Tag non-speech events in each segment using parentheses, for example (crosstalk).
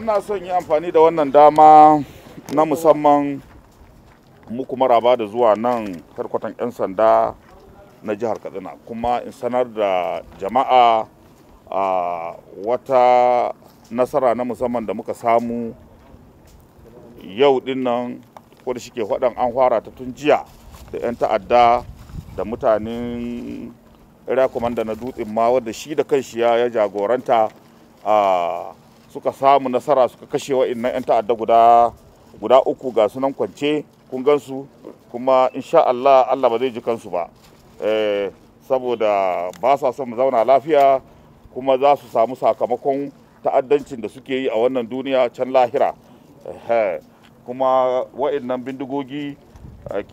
ina son yi amfani da wannan dama na musamman muku maraba da zuwa nan harkwatan 'yan sanda na jihar katsina kuma in sanar da jama'a a wata nasara na musamman da muka samu yau din nan da shike waɗan an fara ta tun jiya da 'yan ta'adda da mutanen ira na dutsen ma wadda shi da kanshi ya jagoranta suka samu nasara suka kashe wa'in 'yan ta'adda guda guda uku ga sunan kwance kun gansu kuma insha Allah Allah ba zai ji kansu ba eh, saboda ba sa son mu zauna lafiya kuma za su samu sakamakon ta'addancin da suke yi a wannan duniya can lahira eh, kuma wa'annan bindigogi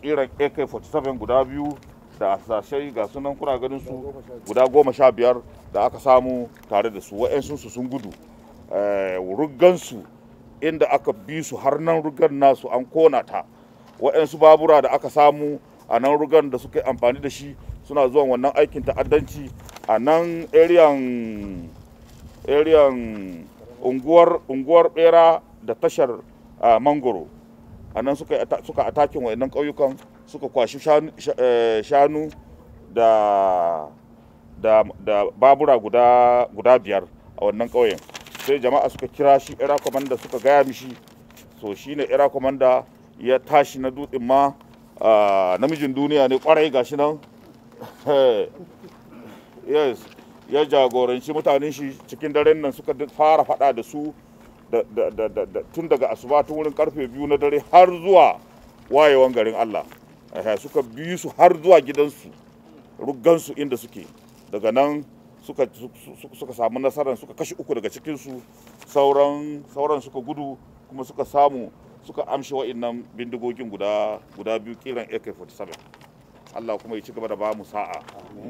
kiran eh, ak-47 guda biyu da hasashai ga sunan kuna ganin su guda goma sha biyar da aka samu tare da su su sun gudu ruggansu inda aka bi su har nan rugar nasu an kona ta waɗansu babura da aka samu a nan rugar da suka yi amfani da shi suna zuwa wannan aikin ta'addanci a nan ariyan unguwar bera da tashar mangoro a nan suka atakin waɗannan ƙauyukan suka kwashi shanu eh, da babura guda biyar a wannan ƙauyen sai jama'a suka kira shi ira kwamanda suka gaya mishi so shi ne ira ya tashi na dutsen ma namijin duniya ne kwarai gashi nan (laughs) yes ya jagoranci mutanen shi cikin daren nan suka fara fada da su tun daga asuba tun wurin karfe biyu na dare har zuwa wayewan garin allah suka bi su har zuwa gidansu rugansu inda suke daga nan suka, suka, samu nasarar suka kashe uku daga cikinsu sauran, sauran suka gudu kuma suka samu suka amshi wa'innan bindigogin guda, guda biyu kiran ak-47 allah kuma ya ci gaba da ba mu sa'a